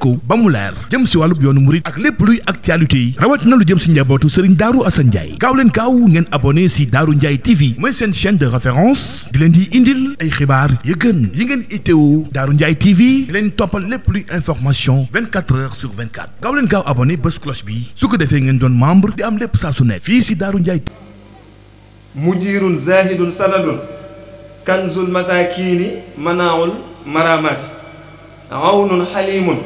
ko bamou leer jëm ci walu yoonu mouride ak lepp luy actualité rawat na lu jëm ci njabootu serigne daaru assane ndjay gaw len gaw ngeen abonné ci daaru ndjay tv moy sen chaîne de référence di len di indil ay xibaar ye gën yi ngeen itteewu daaru ndjay tv di len topal lepp luy information 24 heures sur 24 gaw len gaw abonné bés cloche bi su ko defé ngeen don membre di am lepp sa su ne fi ci daaru ndjay mujirun zahidun sanadun kanzul masakini manaul maramat. Aunun halimun.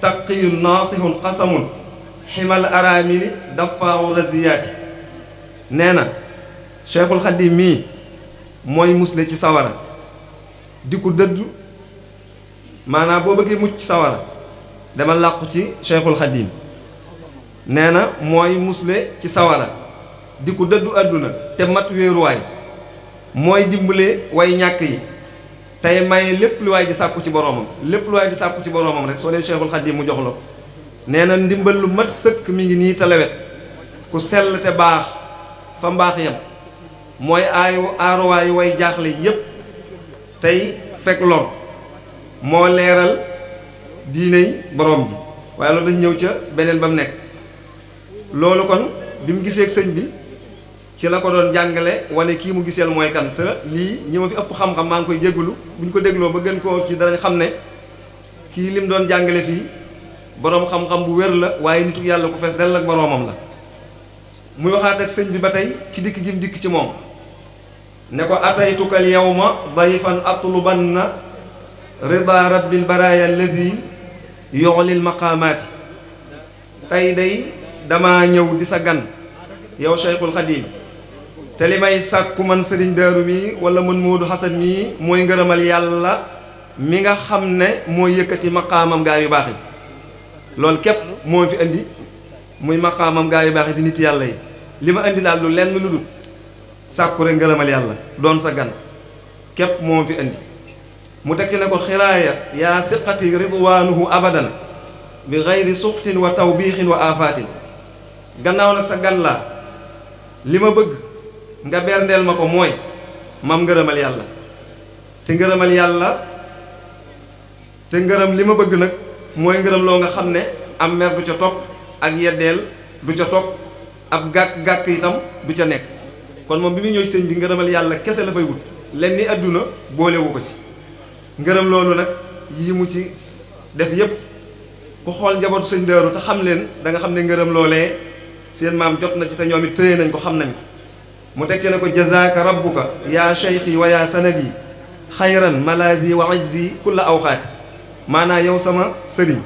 taqiyun naasihun qasamun ximal araamini dafaawu raziyaati nee na cheikhul xaddim mii mooy musle ci sawara di ko dëddu maanaa boo bëggee mucc sawara dama làqu ci cheikhul xaddim nee na mooy musle ci sawara di ko dëddu àdduna te mat wéeruwaay mooy dimbale way ñàkk yi tey maye lépp lu waay di sàkku ci boroomam lépp lu waay di sàkku ci boroomam rek soo dee Cheikhul Khadim mu jox la nee na ndimbal lu mat sëkk mi ngi nii talawet ku sell te baax fa mbaax yam mooy aayu aaruwaayu way jaaxle yépp tey fekk lor moo leeral diiney borom ji waaye loolu dañ ñëw ca beneen ba mu nekk loolu kon bi mu gisee sëñ bi ci la ko doon jàngale wane kii mu giseel mooy kan te lii ñi ma fi ëpp xam-xam maa ngi koy jégalu bu ñu ko dégloo ba gën koo ci danañ xam ne kii lim doon jàngale fii boroom xam-xam bu wér la waaye nitu yàlla ko fees dell ak boroomam la muy waxaat ak sëñ bi ba tey ci dikk gi dikk ci moom ne ko ma ataytukal yawma dayfan atlubanna rida rabbil baraya alladi yoxlil maqaamaati tey dey dama ñëw di sa gan yow cheikhul xadim te li may sàkku man sëriñ daaru mi wala man Moodu Xasan mii mooy ngërëmal yàlla mi nga xam ne mooy yëkkati maqaamam gaa yu baax yi loolu képp moo fi indi muy maqaamam gaa yu baax yi di nit yàlla yi li ma indi daal lu lenn lu dul sàkku rek ngërëmal yàlla doon sa gan képp moo fi indi mu tekki ne ko xiraaya yaa siqati ridwaanuhu abadan bi xayri suxtin wa tawbiixin wa aafaatin gannaaw nag sa gan laa li ma bëgg nga berndeel ma ko mooy mam ngërëmal yàlla te ngërëmal yàlla te ngërëm li ma bëgg nag mooy ngërëm loo nga xam ne am mer bu ca topp ak yeddeel du ca topp ab gàkk-gàkk itam du ca nekk kon moom bi muy ñëw sëñ bi ngërëmal yàlla kese la fay wut lenn ni àdduna boolewu ko ci ngërëm loolu nag yi mu ci def yépp ku xool njabootu sëñ Daaru te xam leen da nga xam ne ngërëm loolee seen maam jot na ci te ñoom it tëye nañ ko xam nañ متكلك جزاك ربك يا شيخي ويا سندي خيرا ملاذي وعزي كل اوقات مانا يو سما سري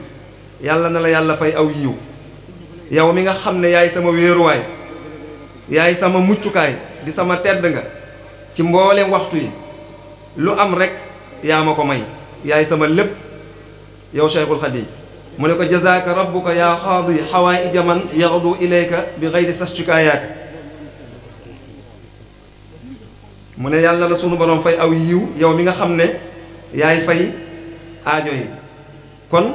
يالا نالا يالا فاي او يو ياو ميغا خامني ياي سما ويرو واي ياي سما موتوكاي دي سما تيدغا تي مبولم وقتي لو ام رك يا ماكو ماي ياي سما لب ياو شيخ الخديج مونيكو جزاك ربك يا خاضي حوائج من يغدو اليك بغير سشكايات mu ne yàlla la sunu borom fay aw yiw yow mi nga xam ne yaay fay aajo yi kon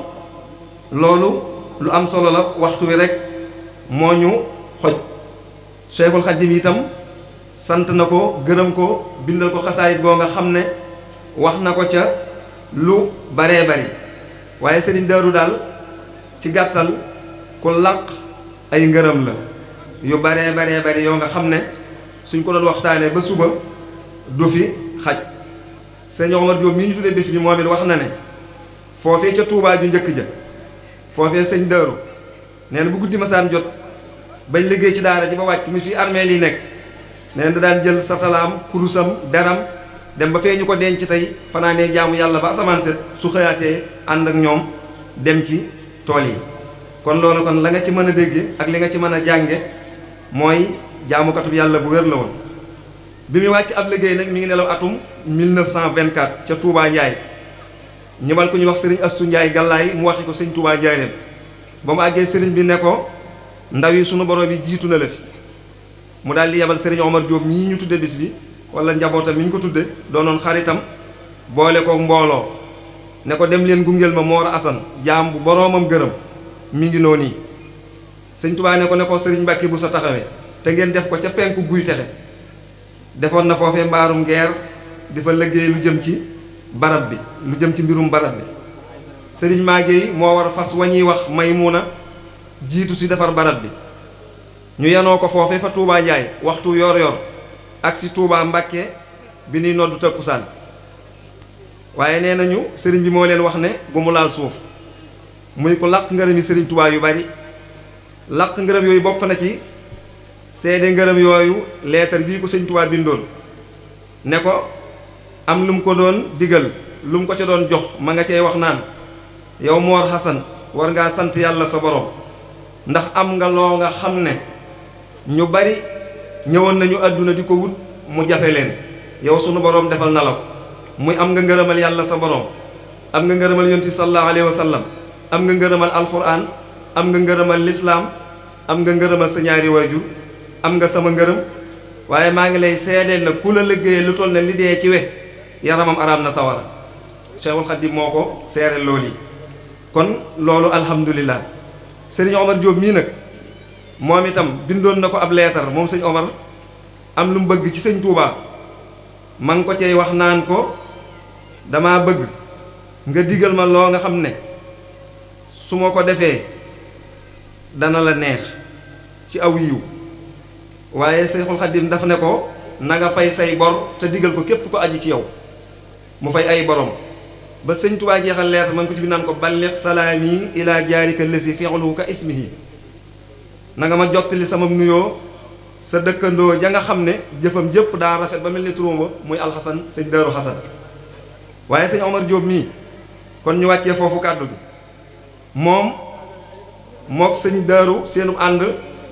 loolu lu am solo la waxtu wi rek moo ñu xoj Cheikhul Khadim itam sant na ko gërëm ko bindal ko xasaayit boo nga xam ne wax na ko ca lu baree bari waaye sëriñ Daaru daal ci gàttal ku làq ay ngërëm la yu bare baree bari yow nga xam ne suñ ko doon waxtaanee ba suba du fi xaj sëñ Omar Diop mii ñu tuddee bés bi moom it wax na ne foofee ca tuubaa ju njëkk ja foofee sëñ Daaru nee na bu guddi masaan jot bañ liggéey ci daara ji ba wàcc mi fi armeel li nekk nee na daan jël satalaam kurusam deram dem ba fee ñu ko denc tey fanaanee jaamu yàlla ba asamaan su xëyaatee ànd ak ñoom dem ci tool yi kon loolu kon la nga ci mën a dégge ak li nga ci mën a jànge mooy jaamukatub yàlla bu wér la woon bi muy wàcc ab liggéey nag mu ngi nelaw atum 1924 ca Touba Ndiaye ñëwal ku ñuy wax sëriñ Astu Ndiaye Gàllaay mu waxi ko sëñ Touba Ndiaye ba mu àggee sëriñ bi ne ko ndaw yi sunu borom yi jiitu na la mu daal di yebal sëriñ Omar Diop ñii ñu tudde bis bi wala njabootam mi ñu ko tudde doonoon xaritam boole ko mbooloo ne ko dem leen gungeel ma moo Asan jaam bu boroomam gërëm mi ngi noonu sëñ Touba ne ko ne ko sëriñ Mbàkke bu sa taxawee te ngeen def ko ca penku guy texe defoon na foofee mbaarum ngeer di fa liggéey lu jëm ci barab bi lu jëm ci mbirum barab bi sëriñ Maguèye moo war a fas wa ñuy wax Maymuna jiitu ci defar barab bi ñu yenoo ko foofee fa Touba Ndiaye waxtu yor-yor ak si Touba Mbacke bi ñuy noddu takkusaan waaye nee nañu sëriñ bi moo leen wax ne bu mu laal suuf muy ko laq ngërëmi sëriñ Touba yu bari laq ngërëm yooyu bokk na ci. seede ngërëm yooyu leetar bii ko sëñ Tuubaa bindoon ne ko am lu mu ko doon digal lu mu ko ca doon jox ma nga cey wax naan yow Mor Xasan war ngaa sant yàlla sa borom ndax am nga loo nga xam ne ñu bari ñëwoon nañu àdduna di ko wut mu jafe leen yow sunu borom defal na la ko muy am nga ngërëmal yàlla sa boroom am nga ngërëmal yonti sallallahu alayhi wa sallam am nga ngërëmal alquran am nga ngërëmal lislaam am nga ngërëmal sa ñaari waajur am nga sama ngërëm waaye maa ngi lay seede na ku la liggéey lu toll ne li dee ci we yaramam araam na sawara Cheikhul Khadim moo ko seere loolu yi kon loolu alhamdulilah sëriñ Omar Diop mii nag moom itam bindoon na ko ab leetar moom sëñ Omar am lu mu bëgg ci sëñ Touba ma ngi ko cay wax naan ko dama bëgg nga digal ma loo nga xam ne su ma ko defee dana la neex ci aw yiw waaye Seexul Xadiim daf ne ko na nga fay say bor te digal ko képp ko aji ci yow mu fay ay boroom ba sëñ Tuubaa jeexal leer ma ko ci bi naan ko balliq salaami ilaa jaarika lesi fi'luhu ka ismihi na nanga ma jottali sama nuyoo sa dëkkandoo ja nga xam ne jëfam jëpp daa rafet ba mel ni turam wa muy alxasan sëñ Daaru Xasan waaye sëñ Omar Diop mii kon ñu wàccee foofu kàddu bi moom mook sëñ Daaru seenu ànd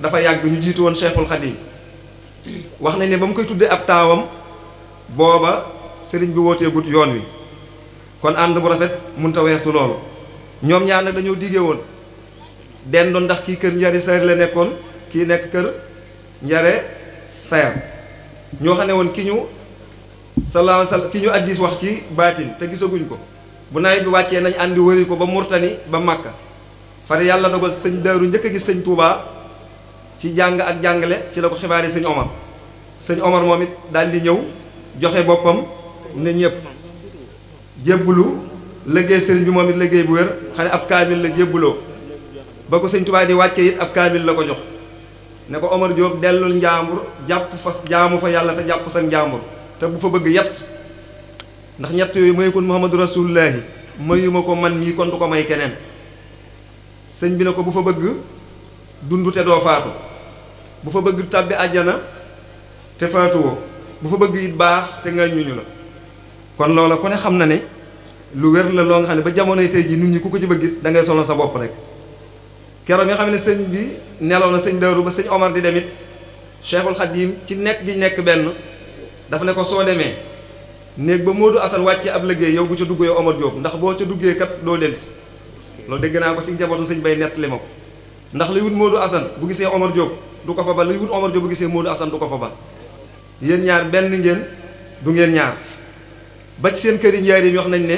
dafa yàgg ñu jiitu woon Cheikhul Xadiim wax nañ ne ba mu koy tuddee ab taawam booba sëriñ bi wooteegut yoon wi kon ànd bu rafet mënut a weesu loolu ñoom ñaar nag dañoo diggee woon dendoon ndax kii kër njari sayar la nekkoon kii nekk kër njare sayar ñoo xam ne woon ki ñu sallallahu alayhi wasallam ki ñu addis wax ci baatin te gisaguñ ko bu nawet bi wàccee nañ àndi wëri ko ba murtani ba màkka fare yàlla dogal sëñ daaru njëkk a gis sëñ tuubaa ci jàng ak jàngale ci la ko xibaaree sëñ Omar sëñ Omar moom it daal di ñëw joxe boppam ne ñëpp jébbalu liggéey sëriñ bi moom it liggéey bu wér xane ab kaamil la jébbaloo ba ko sëñ Tuubaa di wàcce it ab kaamil la ko jox ne ko Omar Diop dellul njaambur jàpp fa jaamu fa yàlla te jàpp sa njaambur te bu fa bëgg yett ndax ñett yooyu mayu kon Muhammadu Rasulullaahi mayu ko man mii kon ko may keneen sëñ bi ne ko bu fa bëgg dund te doo faatu bu fa bëgg tàbbi ajana te faatuwoo bu fa bëgg it baax te nga ñu la kon loola ku ne xam na ne lu wér la loo nga xam ne ba jamonoy tey ji nit ñi ku ko ci bëgg it da ngay sa bopp rek keroog nga xam ne sëñ bi nelaw na sëñ Daaru ba sëñ Omar di demit Cheikhul Khadim ci nekk di nekk benn dafa ne ko soo demee néeg ba Modou Assane wàccee ab liggéey yow bu ca duggee yow Omar Diop ndax boo ca duggee kat doo si loolu dégg naa ko ci njabootu sëñ bay nett li ndax li wut Modou Assane bu gisee Omar Diop du ko fa ba li wut Omar Diop bu gisee Modou asan du ko fa ba yéen ñaar benn ngeen du ngeen ñaar ba ci seen kër yi njaar yi wax nañ ne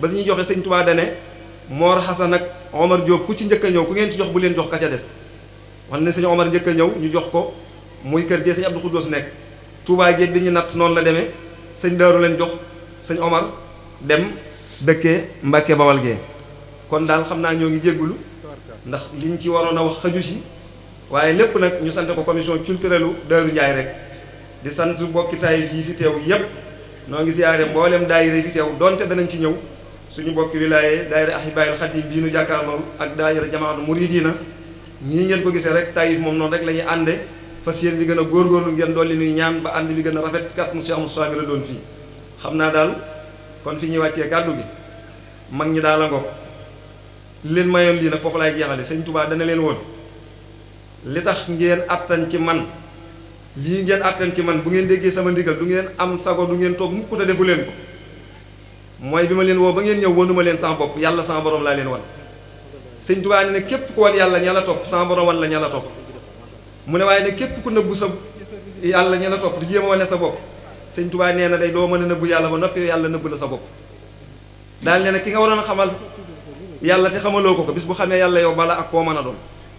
ba su ñu joxee sëñ Tuubaa dane Mor Assane ak Omar Diop ku ci njëkk a ñëw ku ngeen ci jox bu leen jox ka ca des wax ne sëñ Omar njëkk a ñëw ñu jox ko muy kër gee sëñ Abdou Khoudous nekk Touba géej bi ñu natt noonu la demee sëñ Daaru leen jox sëñ Omar dem dëkkee Mbàkke Bawal gee kon daal xam naa ñoo ngi jéggulu ndax liñ ci waroon a wax xaju si waaye lépp nag ñu sante ko commission culturelle u Daaru Njaay rek di sant mbokki Taif yi fi teew yépp noo ngi siyaare mboolem daayira fi teew donte danañ ci ñëw suñu mbokki wilaaye daayira Ahibaayil Xadim bii nu jàkkaar lool ak daayira jamaatu muridiina nii ngeen ko gisee rek Taif moom noonu rek la ñuy ànde fas yéen di gën a góorgóorlu ngeen dolli nuy ñaan ba ànd bi gën a rafet ci kat monsieur Amoussa la doon fii xam naa daal kon fi ñuy wàccee kàddu gi mag ñi daal a li leen mayoon lii nag foofu laay jeexale sëñ Tuubaa dana leen woon li tax ngeen àttan ci man lii ngeen attan ci man bu ngeen déggee sama ndigal du ngeen am sago du ngeen toog mukk te defu leen ko mooy bi ma leen woo ba ngeen ñëw wanuma leen sama bopp yàlla sama borom laa leen wan sëñ Tuubaa ne ne képp ku wan yàlla ña la topp sama borom wan la ña la mu ne waaye ne képp ku nëbbu sa yàlla ña la topp di sa bopp sëñ Tuubaa nee na day doo mën a nëbbu yàlla ba noppi yàlla nëbbu la sa bopp daal ne na ki nga waroon xamal yàlla te xamaloo ko ko bis bu xamee yàlla yow bala ak koo mën a doon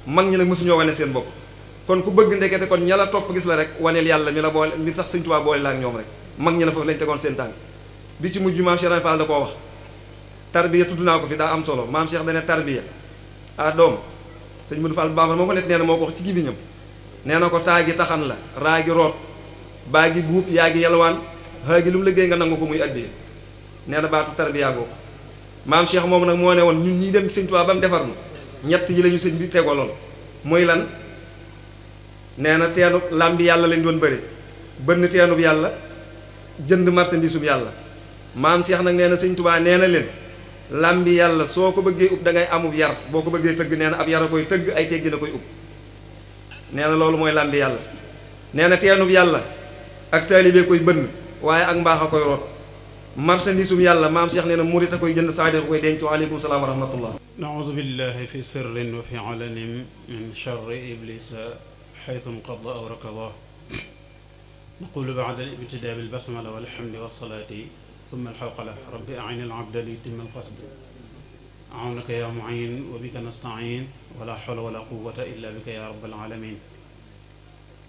mag ñi nag mësuñoo wane seen bopp kon ku bëgg ndekete kon ña la topp gis la rek waneel yàlla mi la boole mi tax Sëñ Tuubaa boole la ak ñoom rek mag ñi la foofu lañ tegoon seen tànk bi ci mujj maam Cheikh Ibra Fall da koo wax tarbiya naa ko fi daa am solo maam Cheikh dane tarbiya ah doom sëñ nu Fall Bamba moo ko net nee na moo ko wax ci gibiñam nee na ko taa gi taxan la raa gi root baa gi guub yaa gi yalwaan xaa gi lu mu liggéey nga nangu ko muy addiye nee na baatu tarbiya googu maam Cheikh moom nag moo ne woon ñun ñi dem sëñ Tuubaa ba mu defar nu ñett yi lañu ñu sëñ bi tegaloon muy lan nee na teenub làmbi yàlla lañ doon bëri bënn teenub yàlla jënd marchandisum yàlla maam Cheikh nag nee na sëñ Tuubaa nee na leen làmbi yàlla soo ko bëggee ub dangay ngay amub yar boo ko bëggee tëgg nee na ab yara koy tëgg ay teggi na koy ub nee na loolu mooy làmbi yàlla nee na teenub yàlla ak taalibe koy bënn waaye ak mbaax a koy root مرسلني السلام ورحمة الله. نعوذ بالله في سر وفي علن من شر إبليس حيث انقضى أوركضاه. نقول بعد الابتداء بالبسملة والحمد والصلاة ثم الحوقلة ربي أعين العبد ليتم القصد. عونك يا معين وبك نستعين ولا حول ولا قوة إلا بك يا رب العالمين.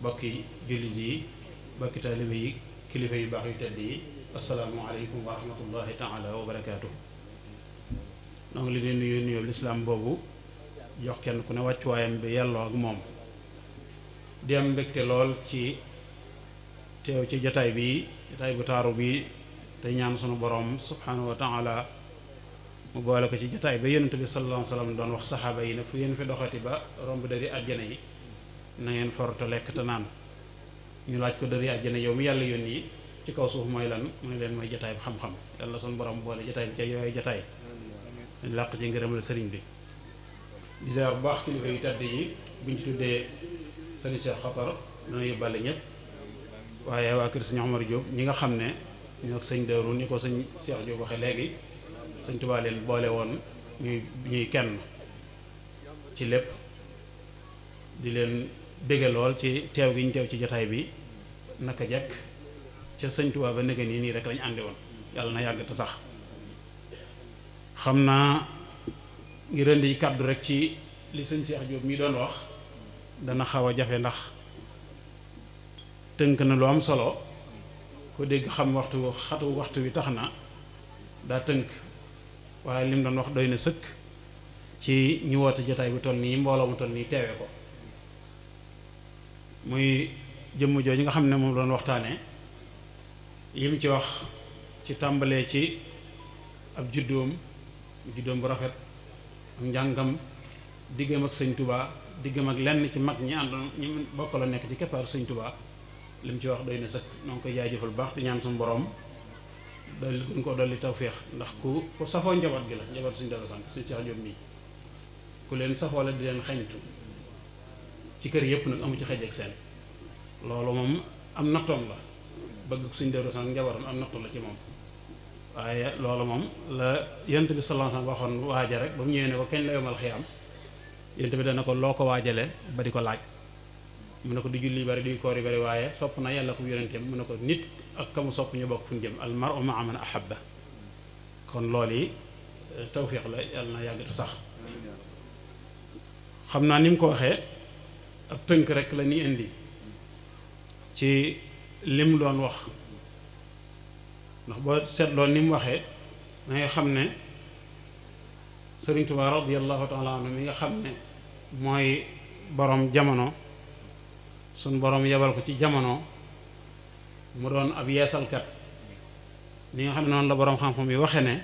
بكي جلدي بكي تالبي كلفي باخي تالبي السلام عليكم ورحمة الله تعالى وبركاته. نقول لنا يوني الإسلام بابو يحكي أنكنا وتشوايم بيالله عموم. ديم بكتلول كي تيو كي جتاي بي جتاي بتارو بي تينيان سنو برام سبحانه وتعالى مبارك كي جتاي بي ينتبه صلى الله عليه وسلم دون وخصها بي نفين في دخاتي با رم بدري أجنعي نين فرط لك تنان يلاك بدري أجنعي يومي يلا يوني ci kaw suuf mooy lan mu ne leen mooy jataay bu xam-xam yàlla sunu borom boole jataay bi ca yooyu jataay dañ làq ci ngërëmal sëriñ bi di ziar bu baax kilifa yu tedd yi buñ ci tuddee sëriñ Cheikh Xatar dana yóbbaale ñëpp waaye waa kër sëñ Omar Diop ñi nga xam ne ñoo ak sëñ Darou ni ko sëñ Cheikh Diop waxee léegi sëñ Tuubaa leen boole woon ñuy kenn ci lépp di leen bége lool ci teew gi ñu teew ci jataay bi naka jekk ca sëñ ba nege nii nii rek lañ ànde woon yàlla na yàgg te sax xam naa ngir yi kàddu rek ci li sëñ Cheikh Diop mi doon wax dana xaw a jafe ndax tënk na lu am solo ko dégg xam waxtu waxtu wi tax na daa tënk waaye lim doon wax doy na sëkk ci ñu woote jotaay bu toll nii mbooloo mu toll nii teewe ko muy jëmm jooju nga xam ne moom doon waxtaanee. yim ci wax ci tambale ci ab juddoom juddoom bu rafet ak njàngam diggam ak sëñ tubaa diggam ak lenn ci mag ñi àndoon ñi bokk la nekk ci keppaaru sëñ tubaa lim ci wax doy na sëkk noo ngi koy jaajëfal baax di ñaan sun borom dal gën ko dolli tawféex ndax ku ku safoo njabot gi la njabot suñu dara sant suñu cheikh jom nii ku leen safoo la di leen xañtu ci kër yépp nag amu ci xëj ak seen loolu moom am nattoom la bëgg ko suñ deeru sang njabootam am nattu la ci moom waaye loolu moom la yonent bi sallallahu waxoon waaja rek ba mu ñëwee ne ko kañ la yomal xiyaam yonent bi dana ko loo ko waajale ba di ko laaj mu ne ko di julli bari duy koor yu bari waaye sopp na yàlla ko yonenteem mu ne ko nit ak kamu sopp ñu bokk fu ñu jëm al mar'u ma'a man ahabba kon lool yi eh, tawfiq la yàlla na yàgg te sax xam naa ni mu ko waxee ab tënk rek la ñuy indi ci lim doon wax ndax boo seetloo ni mu waxee da nga xam ne Sëriñ Tuubaa radiyallahu taala anhu mi nga xam ne mooy boroom jamono sun boroom yebal ko ci jamono mu doon ab yeesalkat ni nga xam ne noonu la boroom xam-xam yi waxe ne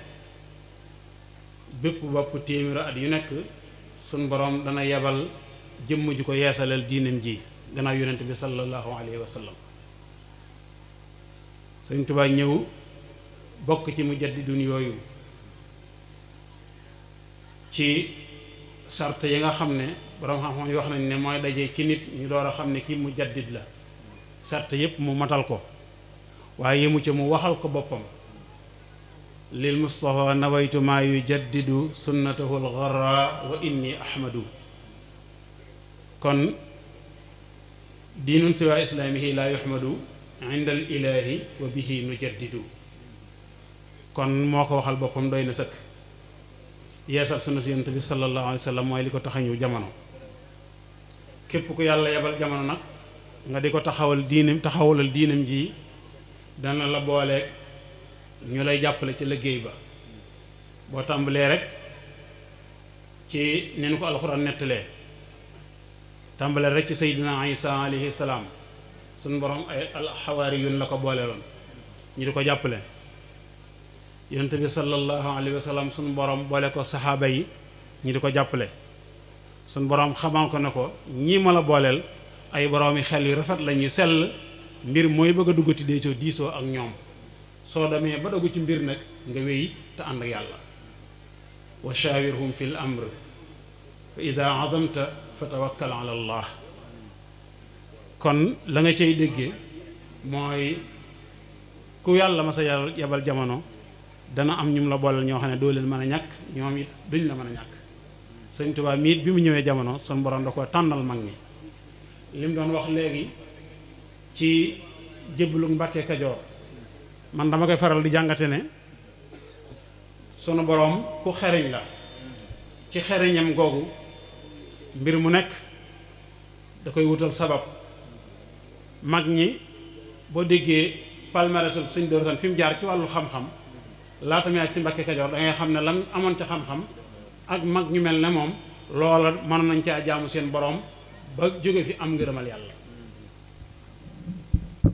bépp bopp téeméeri at yu nekk sun borom dana yebal jëmm ju ko yeesalal diinam ji gannaaw yonent bi sallallahu alayhi wa sallam sëñ Tuubaa ñëw bokk ci mu mujaddidun yooyu ci sart yi nga xam ne borom xam-xam yi wax nañ ne mooy daje ci nit ñu door a xam ne kii mujaddid la sart yépp mu matal ko waaye yemu ca mu waxal ko boppam lil mustafa nawaytu maa yujaddidu sunnatahu algarra wa inni ahmadu kon diinun siwa islaamihi la yuhmadu indal ilaahi wa bihi nujaddidu kon moo ko waxal boppam doy na sëkk yeesal sunu si yonent bi sallallahu wa sallam mooy li ko tax jamono képp ku yàlla yebal jamono nag nga di ko taxawal diinam taxawalal diinam ji dana la booleeg ñu lay jàppale ci liggéey ba boo tàmbalee rek ci ni nu ko alxuraan nettalee tàmbalee rek ci seydina isa alayhi salaam sun borom ay al yun la ko booleeloon ñu di jàppale yonent bi sallallahu alaihi wasallam sun borom boole ko saxaaba yi ñi diko jàppale sun borom xamal ko ne ko ñii ma ay boromi xel yu rafet lañu sel mbir moy bëgg a duggati dee soo ak ñom so damé ba dogu ci mbir nak nga wéyi ta ànd ak yàlla wa shawirhum fil amr fa idha azamta fatawakkal ala allah kon la nga cay dégge mooy ku yàlla ma sa yabal jamono dana am ñum la booleel ñoo xam ne doo leen mën a ñàkk ñoom it duñ la mën a ñàkk sëñ Tuubaa miit bi mu ñëwee jamono suñu borom da ko tànnal mag ñi li mu doon wax léegi ci jébbalu mbakke Kajoor man dama koy faral di jàngate ne sunu boroom ku xeriñ la ci xeriñam googu mbir mu nekk da koy wutal sabab mag ñi boo déggee palmarèsu sëñ Darou Assane fi mu jaar ci wàllu xam-xam laata muy ak si Mbàkke Kajoor da ngay xam ne lan amoon ca xam-xam ak mag ñu mel ne moom loola mën nañ caa jaamu seen boroom ba jóge fi am ngërëmal yàlla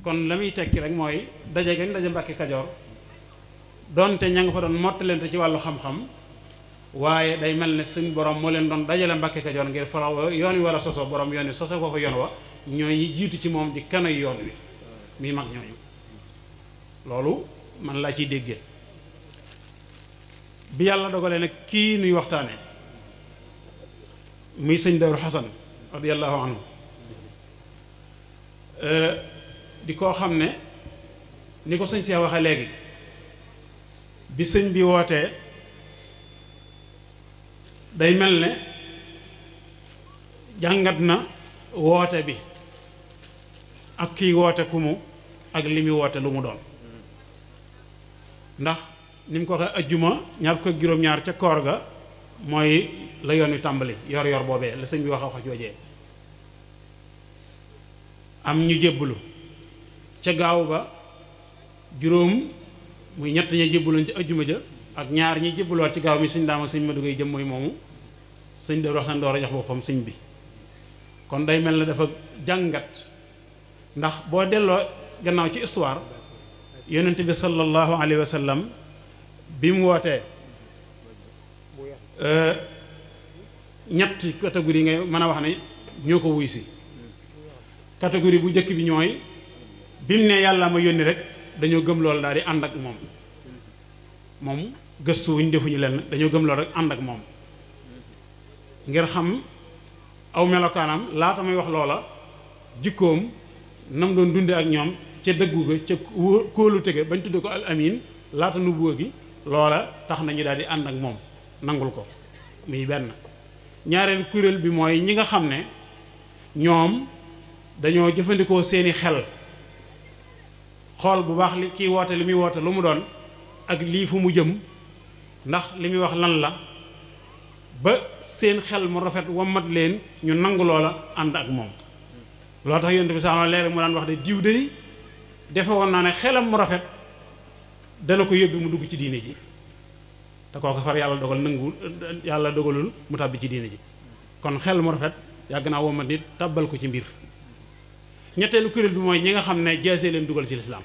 kon la muy tekki rek mooy daje gañ daje Mbàkke Kajoor donte ña nga fa doon mottalente ci wàllu xam-xam waaye day mel ne suñ borom moo leen doon dajale Mbàkke Kajoor ngir faraw yoon wi war a sosoo borom yoon wi sosoo foofu yoon wa ñoo ñi jiitu ci moom di kanay yoon wi muy mag ñooñu loolu man laa ciy dégge bi yàlla dogalee nag kii nuy waxtaane muy sëñ Daaru Xasan radiyallahu anhu eh, di koo xam ne ni ko sëñ Seex waxee léegi bi sëñ bi wootee day mel ne jàngat na woote bi ak kiy woote ku mu ak li muy woote lu mu doon ndax ni mu ko waxee ajjuma ñaar ko ca koor ga mooy la yoon wi tàmbali yor yor boobee la sëñ bi wax a wax joojee am ñu jébbalu ca gaaw ba juróom muy ñett ña jébbaluñ ca ajjuma ja ak ñaar ñi jébbaluwaat ci gaaw mi sëñ daama sëñ madugay jëm mooy moomu sëñ de wax na door a jox boppam sëñ bi kon day mel na dafa jàngat ndax boo delloo gannaaw ci histoire yonent bi sallallahu alayhi wa sallam bi mu wootee euh, ñetti catégorie ngay mën a wax ne ñoo ko wuy si catégorie bu njëkk bi ñooy bi mu ne yàlla ma yónni rek dañoo gëm loolu daal di ànd ak moom moom gëstuwuñ defuñu leen dañoo gëm loolu rek ànd ak moom ngir xam aw melokaanam laata muy wax loola jikkoom nam doon dunde ak ñoom ca dëggu ga ca kóolu tege bañ tudde ko al laata nubuwa gi loola tax nañu daal di ànd ak moom nangul ko muy benn ñaareel kuréel bi mooy ñi nga xam ne ñoom dañoo jëfandikoo seeni xel xool bu baax li kiy woote li muy woote lu mu doon ak lii fu mu jëm ndax li muy wax lan la ba seen xel mu rafet wammat leen ñu nangu loola ànd ak moom lo tax yentou sa sax leer mu dan wax de diw de defo won na ne xelam mu rafet dana ko yóbbu mu dugg ci diine ji ko ko far yalla dogal nangul yalla dogalul mu tabbi ci diine ji kon xel mu rafet yàgg wo ma nit tabal ko ci mbir ñettelu kuréel bi moy ñi nga xamne ne leen dugal ci lislaam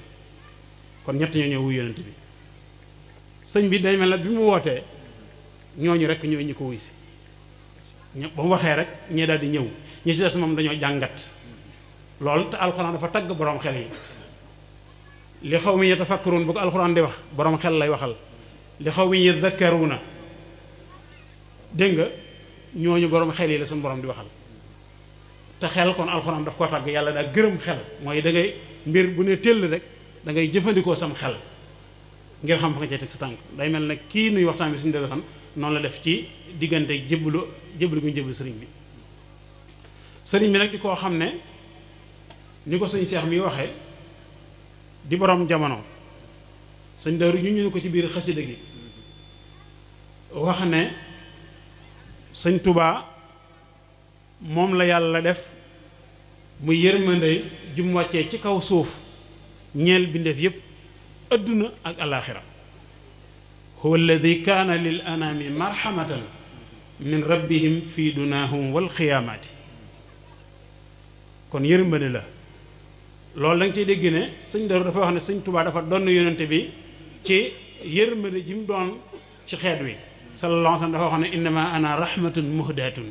kon ñett ñoo ñëw wuy yonent bi señ bi day mel bi mu wootee ñooñu rek ñoo ñi ko wuy ci ñu mu waxe rek ñi daal di ñew ñi ci dess mom dañoo jangat loolu te alxuraan dafa tagg borom xel yi li xaw mi yatafakkaruun bu ko alxuraan di wax borom xel lay waxal li xaw mi yadakkaruuna dégg nga ñooñu borom xel yi la suñu borom di waxal te xel kon alxuraan daf ko tàgg yàlla daa gërëm xel mooy da ngay mbir bu ne tëll rek da ngay jëfandikoo sam xel ngir xam fa nga cee teg sa tànk day mel ne kii nuy waxtaan bi suñu def xam noonu la def ci diggante jébbalu jébbalu gu ñu jébbalu sëriñ bi sëriñ bi nag di koo xam ne niko seigne cheikh mi waxe di borom jamono seigne daaru ñu ñu ko ci biir xasida gi wax ne seigne touba mom la yàlla def mu yërmande jum wacce ci kaw suuf ñeel bindeef yépp aduna ak alakhirah هو الذي كان للأنام مرحمة من ربهم في دناهم والخيامات كن xiyaamaati kon loolu lañ ciy dégg ne sëñ Daaru dafa wax ne sëñ Tuubaa dafa donn yonente bi ci yërmale jim mu doon ci xeet wi sallallahu alayhi wa dafa wax ne innama ana rahmatun muhdatun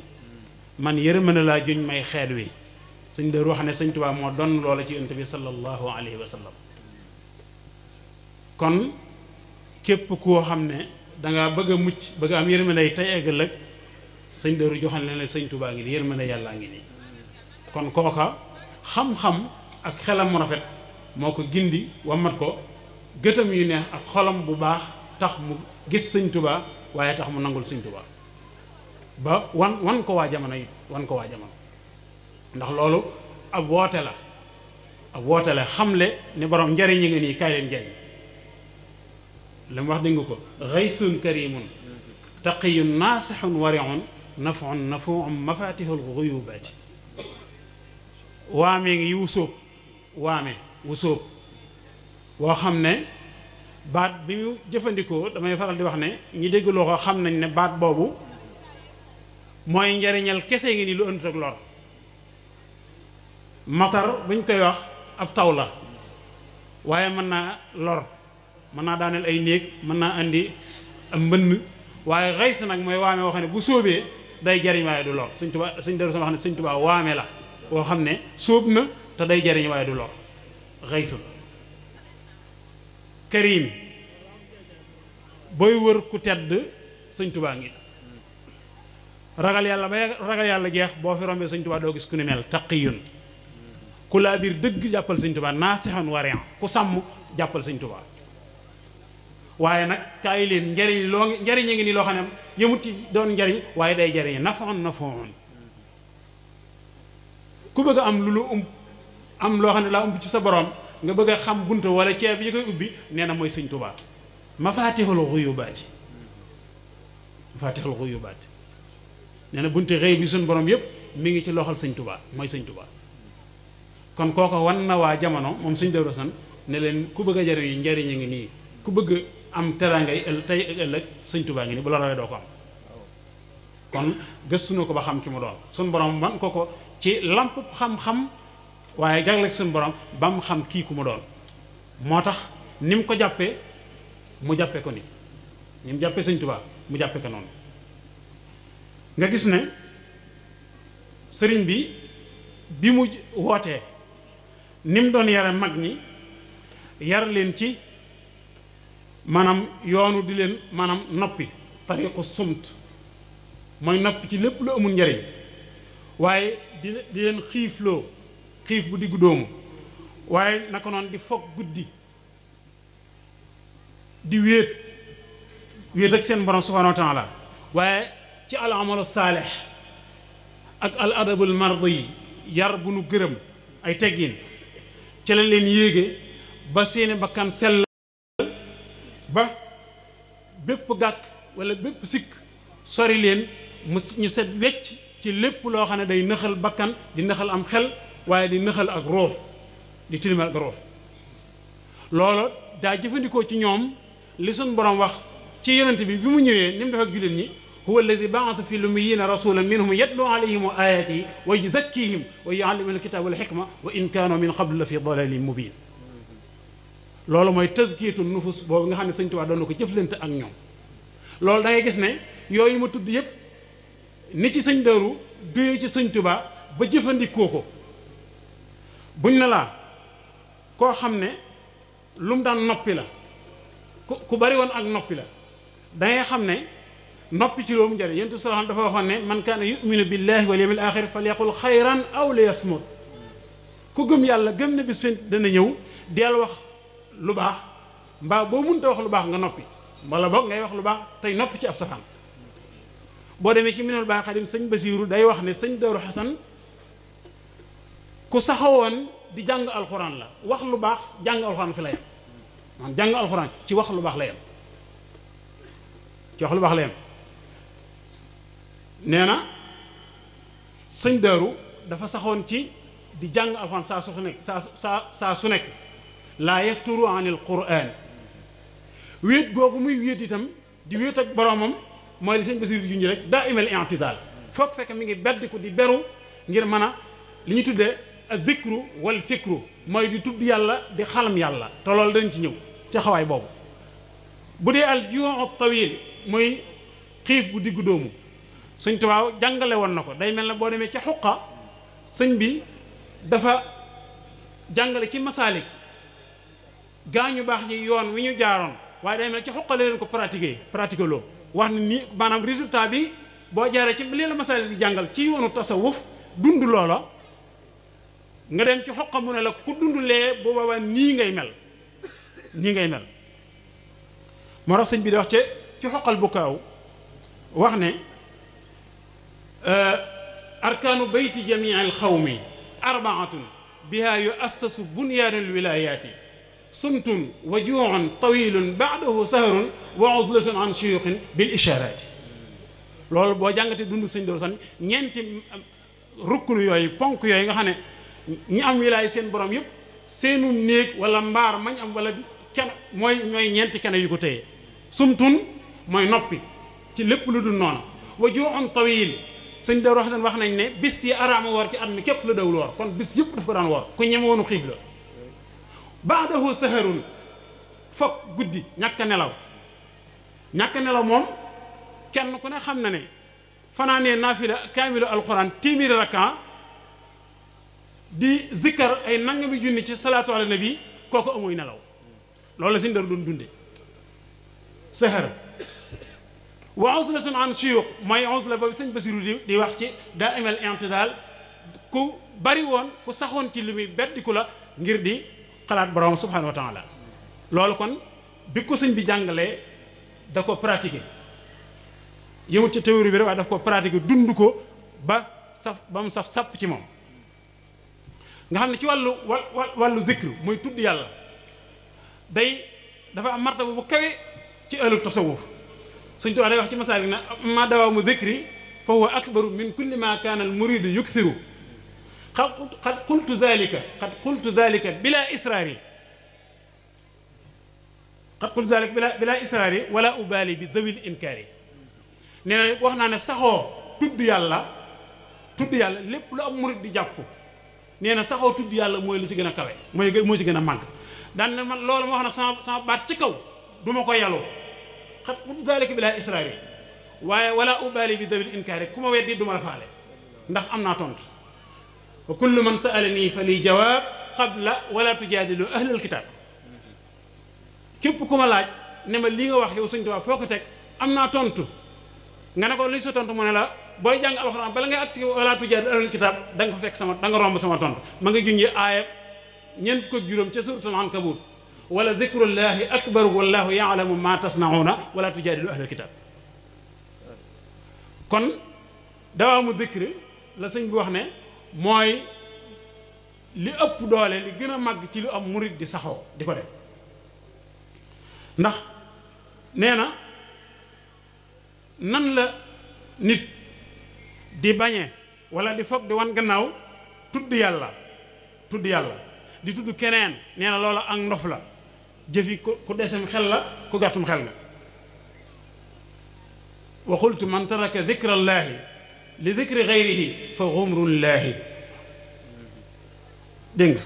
man yërmande laa juñ may xeet wi sëñ Daaru wax ne sëñ Tuubaa moo donn loola ci yonente bi sallallahu alayhi wa sallam kon képp koo xam ne nga bëgg a mucc bëgg am yërmale yi tey egg sëñ Daaru joxal ne la sëñ Tuubaa ngi nii yërmande yàllaa ngi ni kon kooka xam-xam ak xelam mu rafet moko gindi gindi mat ko gëtam yu neex ak xolam bu baax tax mu gis seigne touba waye tax mu nangul seigne touba ba wan wan ko wa jamono yi wan ko wa jamono ndax lolu ab wote la ab wote la xamle ni borom njariñ ñi ngi ni kay leen jey lim wax de ko karimun taqiyun nasihun wariun nafun nafuun mafatihul wa mi ngi yusuf waame bu sóob woo xam ne baat bi mu jëfandikoo damay faral di wax ne ñi dégg loo ko xam nañ ne baat boobu mooy njariñal kese ngi ni lu ënt ak lor matar buñ koy wax ab taw la waaye mën naa lor mën naa daaneel ay néeg mën naa indi am mbënn waaye xays nag mooy waame woo xam ne bu sóobee day jariñ waaye du lor suñ tubaa suñ deru sama wax ne suñ tubaa waame la woo xam ne sóob na te day jariñ waaye du lor xaysul karim boy wër ku tedd sëñ tuba ngi ragal yàlla ba ragal yàlla jeex boo fi rombee sëñ tuba doo gis ku ni mel taqiyun ku laa biir dëgg jàppal sëñ tubaa ku sàmm jàppal sëñ tuba waaye nag kaay leen njariñ loo njariñ ngi ni loo xam ne doon njariñ waaye day jariñ nafoon nafoon ku bëgg am lu lu am loo xam ne laa ubbi ci sa borom nga bëgg a xam bunta wala ceeb yi koy ubbi nee na mooy sëñ Tuubaa mafaatihul xuyubaati mafaatihul xuyubaati nee na bunt xëy bi suñ boroom yépp mi ngi ci loxol sëñ Tuubaa mooy sëñ Tuubaa kon kooko wan na waa jamono moom suñ Daaru Asan ne leen ku bëgg a jariñ yi njariñ a ngi nii ku bëgg am teraanga ëll tey ak ëllëg sëñ ngi nii bu la rawee doo ko am kon gëstu ko ba xam ki mu doon suñ borom man ko ko ci lamp xam-xam waaye jagleel suñu borom ba mu xam kii ku mu doon moo tax ni mu ko jàppee mu jàppee ko ni ni mu jàppee sëñ Tuubaa mu jàppee ko noonu nga gis ne sëriñ bi bi mu wootee ni mu doon yare mag ñi yar leen ci maanaam yoonu di leen maanaam noppi ko sumt mooy noppi ci lépp lu amul njariñ waaye di di leen xiifloo xiif bu diggu doomu waaye naka noonu di foog guddi di wéet wéet ak seen borom subhanahu wa taala waaye ci al amalu saalix ak al adabul mardi yar bu nu gërëm ay teggin ci lañ leen yéege ba seeni bakkan sell ba bépp gàkk wala bépp sikk sori leen mu ñu set wecc ci lépp loo xam ne day nëxal bakkan di nëxal am xel waaye di nëxal ak ruux di tilimal ak ruux loolu daa jëfandikoo ci ñoom li sun borom wax ci yonent bi bi mu ñëwee ni mu def ak jullit ñi huwa alladi baata fi lumiyina rasulan minhum yatlu alayhim ayatihi wa yuzakkihim wa yuallimuhum alkitab wal xikma wa in kaanu min qablu la fi dalalin mubin loolu mooy tazkiyatu nufus boobu nga xam ne Sëñ Tuubaa doon na ko jëflante ak ñoom loolu da ngay gis ne yooyu ma tudd yépp ni ci sëñ Daaru duyee ci Sëñ Tuubaa ba jëfandikoo ko buñ na laa koo xam ne lu mu daan noppi la ku ku bari woon ak noppi la dangay xam ne noppi ci loolu mu yonent bi salaam dafa waxoon ne man kaana yuminu billahi wal yawmil axir falyaqul xayran aw liyasmut ku gëm yàlla gëm na bis dana ñëw deel wax lu baax mbaa boo mënta wax lu baax nga noppi wala boog ngay wax lu baax tey noppi ci ab safaan boo demee ci minul baax xadim sëñ Basiiru day wax ne sëñ Daaru Xasan ku saxawoon di jàng alxuraan la wax lu baax jàng alxuraan fi la yem maanaam jàng alxuraan ci wax lu baax la ci wax lu baax la yem nee na sëñ daaru dafa saxoon ci di jàng alxuraan saa su nekk saa saa saa su nekk laa yafturu anil quraan wéet googu muy wéet itam di wéet ak boromam mooy li sëñ Basiir junj rek daa imal intizaal foog fekk mi ngi beddiku di beru ngir mën a li ñu tuddee zikru wal fikru mooy di tudd yàlla di xalam yàlla tolool loolu dañ ci ñëw ci xawaay boobu bu dee àll al jiu tawil mooy xiif bu digg doomu sëñ Tuubaa jàngale woon na ko day mel na boo demee ca xuqa sëñ bi dafa jàngale ci masaalik gaa ñu baax ñi yoon wi ñu jaaroon waaye day mel ci xuqa la leen ko pratiquer pratiquer loo wax ni nii maanaam résultat bi boo jaaree ci li la masaalik di jàngal ci yoonu tasawuf dund loola nga dem ci xoqam mu ne la ku dundulee bu boobaa nii ngay mel nii ngay mel moo tax sëñ bi di wax ci ci xoqal bu kaw wax ne arkanu bayti jamii alxawmi arbaatun biha yuassasu bunyaanu lwilayaati sumtun wa juucun tawilun baadahu saharun wa udlatun an suyuqin bil ishaaraati loolu boo jàngatee dund sëñ doo san ñeenti rukkunu yooyu ponk yooyu nga xane ñi am wilay seen borom yëpp seenu néeg wala mbaar mañ am wala kene mooy ñooy ñeenti kene yu ko téye sumtun mooy noppi ci lépp lu dul noonu wa juuxun tawil sëñ de Xasan wax nañ ne bis yi araama woor ci at mi képp la dawul woor kon bis yëpp dafa ko daan woor ku ñeme woonu xiif la baadahu saharun fok guddi ñàkk nelaw ñàkk nelaw moom kenn ku ne xam na ne fanaanee naafila kaamilu alquran téeméeri rakkan di zikkar ay nangami junni ci salatu ala nabi koko amuy nalaw lolou la seen dara doon dundé sahar wa uzlatun an shuyuq may uzla boobu seen Basiru di di wax ci daa imal intidal ku bari won ku saxon ci limi beddi kula ngir di khalat borom subhanahu wa taala lolou kon bi ko seen bi jangale da ko pratiquer yewu ci théorie bi rek waaye daf ko pratiquer dund ko ba saf bam saf sap ci mom nga xam ci walu walu zikru moy tudd yàlla day dafa am martaba bu kawe ci ëllëg tasawuf seigne touba day wax ci masal na ma dawaamu zikri fa huwa akbar min kulli ma kana al murid yukthiru qad qultu dalika qad qultu dalika bila israri qad qultu dalika bila bila israari wala ubaali bi dawil inkaari nee na wax naa ne saxoo tudd yàlla tudd yàlla lépp lu am murid di jàpp neena na tuddi yàlla moy lu ci gëna kawe moy moo ci gëna mag dan na man loolu ma wax sama sama baat ci kaw duma ma ko yàlloo xat zalika bi laa israari waaye wala ubali bi dawil inkari kuma weddi duma la faale ndax amna naa tontu wa kullu man sa'alani fali jawab qabla wala tujadilu ahli alkitab kep kuma laaj nema li nga wax yow seigne Tuubaa foko tek amna tontu nga ne ko li sa tontu mo ne la booy jàng alxuraan bala ngay at si wala tujaad alal ko da nga fa fekk sama da nga romb sama tontu ma nga junjee aaya ñeent fukk ak juróom ca suuratul ankabut wala zikrullahi akbar wallahu yaalamu ma tasnauna wala tujaadilu ahlal kitaab kon dawaamu sëñ bi wax ne mooy li ëpp doole li gën a màgg ci lu am murit di saxoo di ko def ndax nee na nan la nit di bañe wala di foog di wan gannaaw tudd yàlla tudd yàlla di tudd keneen nee na loola ak ndof la jëfi ku ku desem xel la ku gàttum xel na wa qultu man taraka dikra li dikri gayrihi fa xumrun laahi dégg nga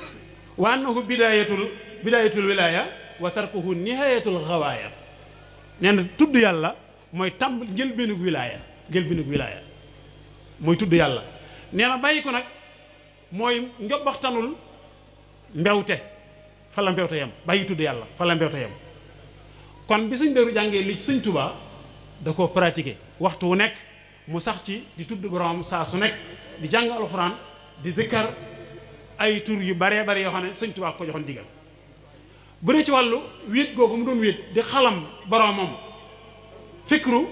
wa annahu bidaayatul bidaayatul wilaaya wa tarkuhu nihayatul xawaaya nee tudd yàlla mooy tàmbali njëlbeenug wilaaya njëlbeenug wilaaya mooy tudd yàlla nee na bàyyi ko nag mooy njobbaxtanul mbewte fa la mbewte yem bàyyi tudd yàlla fa la mbewte yem kon bi suñ beeru jàngee li ci suñ tubaa da koo pratiquer waxtu wu nekk mu sax ci di tudd borom saa su nekk di jàng alxuraan di zikkar ay tur yu baree bare yoo xam ne suñ tubaa ko joxoon digal bu ne ci wàllu wéet googu mu doon wéet di xalam boromam fikru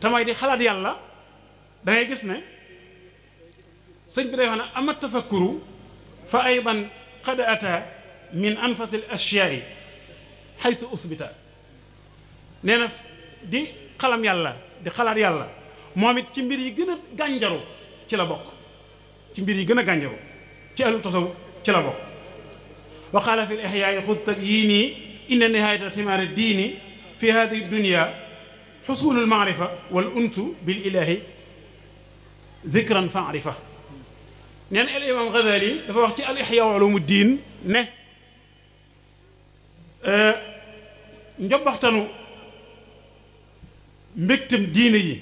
tamay di xalaat yàlla da ngay gis ne sëñ bi day wax ne ama tafakkuru fa aydan qad ata min anfasi l ashyaai xaytu usbita nee na di xalam yàlla di xalaat yàlla moom it ci mbir yi gën a gànjaru ci la bokk ci mbir yi gën a gànjaru ci ahlu tasawu ci la bokk wa qaala fi l ixyaai xud tagyini inna nihayata thimaar diini fi hadihi dunia xusulu lmaarifa wal untu bil ilahi ذكرا فاعرفه نين الامام غزالي دا وقتي الاحياء علوم الدين نه ا آه، نجب وقتانو مكتم ديني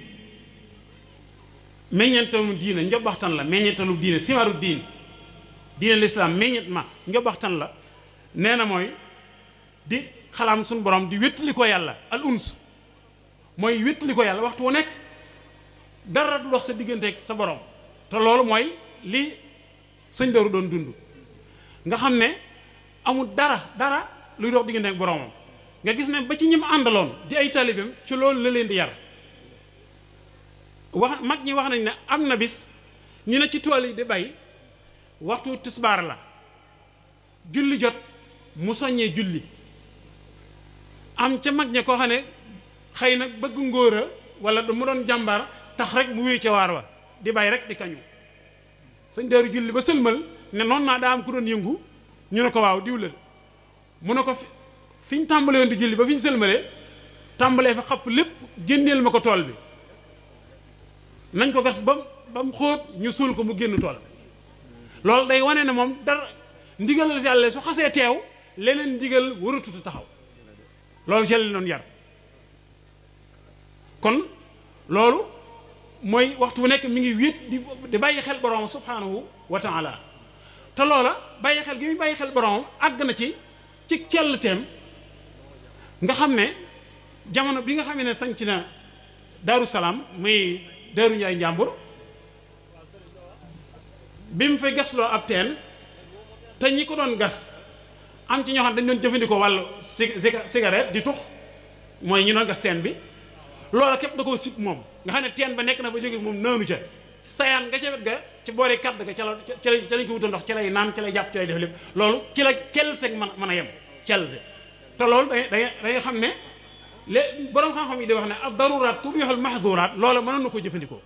ميغنتم دين نجب وقتان لا ميغنتلو دين ثمار الدين دين الاسلام ميغنت ما نجب وقتان لا نينا موي دي خلام سون بروم دي ويتليكو يالا الانس موي ويتليكو يالا وقت ونك dara du dox sa digganteeg sa borom te loolu mooy li sëñ Darou doon dund nga xam ne amul dara dara luy dox digganteeg boroomam nga gis ne ba ci ñim àndaloon di ay talibem ci loolu la leen di yar wax mag ñi wax nañ ne am na bis ñu ne ci tool yi di bay waxtu tisbaar la julli jot mu soññee julli am ca mag ña koo xam ne xëy nag bëgg ngóora wala mu doon jàmbaar tax rek mu wéy ca waar wa di bay rek di kañu sëñ deeru julli ba sëlmal ne noonu naa daa am ku doon yëngu ñu ne ko waaw diw mu ne ko fi ñu tàmbalee di julli ba fi ñu sëlmalee tàmbalee fa xapp lépp génneel ma ko tool bi nañ ko gas ba ba mu xóot ñu suul ko mu génn tool loolu day wane ne moom dara ndigal la yàlla su xasee teew leneen ndigal waratuta taxaw loolu jël noonu yar kon loolu mooy waxtu wu nekk mi ngi wéet di di bàyyi xel borom subhanahu wa taala te loola bàyyi xel gi muy bàyyi xel borom àgg na ci ci kellteem nga xam ne jamono bi nga xam ne sanc na daaru salaam muy daaru njaay njàmbur bi mu fay gasloo ab teen te ñi ko doon gas am ci ñoo xam dañ doon jëfandikoo wàllu cigarette di tux mooy ñi doon gas teen bi loola képp da koo sib moom nga xam ne teen ba nekk na ba jóge moom naanu ca sayaan nga ca wet ga ci boori kàdd ga ca la ca lañ ko wutal ndox ca lay naan ca lay jàpp ca lay def lépp loolu ci la kell teg mën mën a yem kell te loolu da da danga xam ne lé borom xam-xam yi di wax ne ab daruraat tubihul mahzuraat loola mënoon na ko jëfandikoo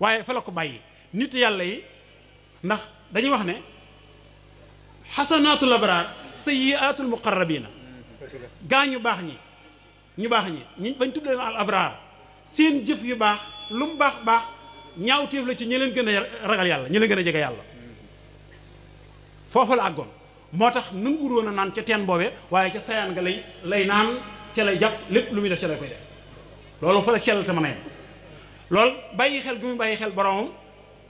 waaye fa la ko bàyyi nit yàlla yi ndax dañuy wax ne xasanaatul abraar sayyiaatul muqarrabiina mm. gaa ñu baax ñi ñu baax ñi ñu bañ tudd na al seen jëf yu baax lu mu baax baax ñaawteef la ci ñi leen gën a ragal yàlla ñi leen gën a jege yàlla foofu la àggoon moo tax nanguroon a naan ca teen boobee waaye ca sayaan nga lay lay naan ca lay jàpp lépp lu muy def ca lay koy def loolu fa la sell te a yem loolu bàyyi xel gu mu bàyyi xel boromam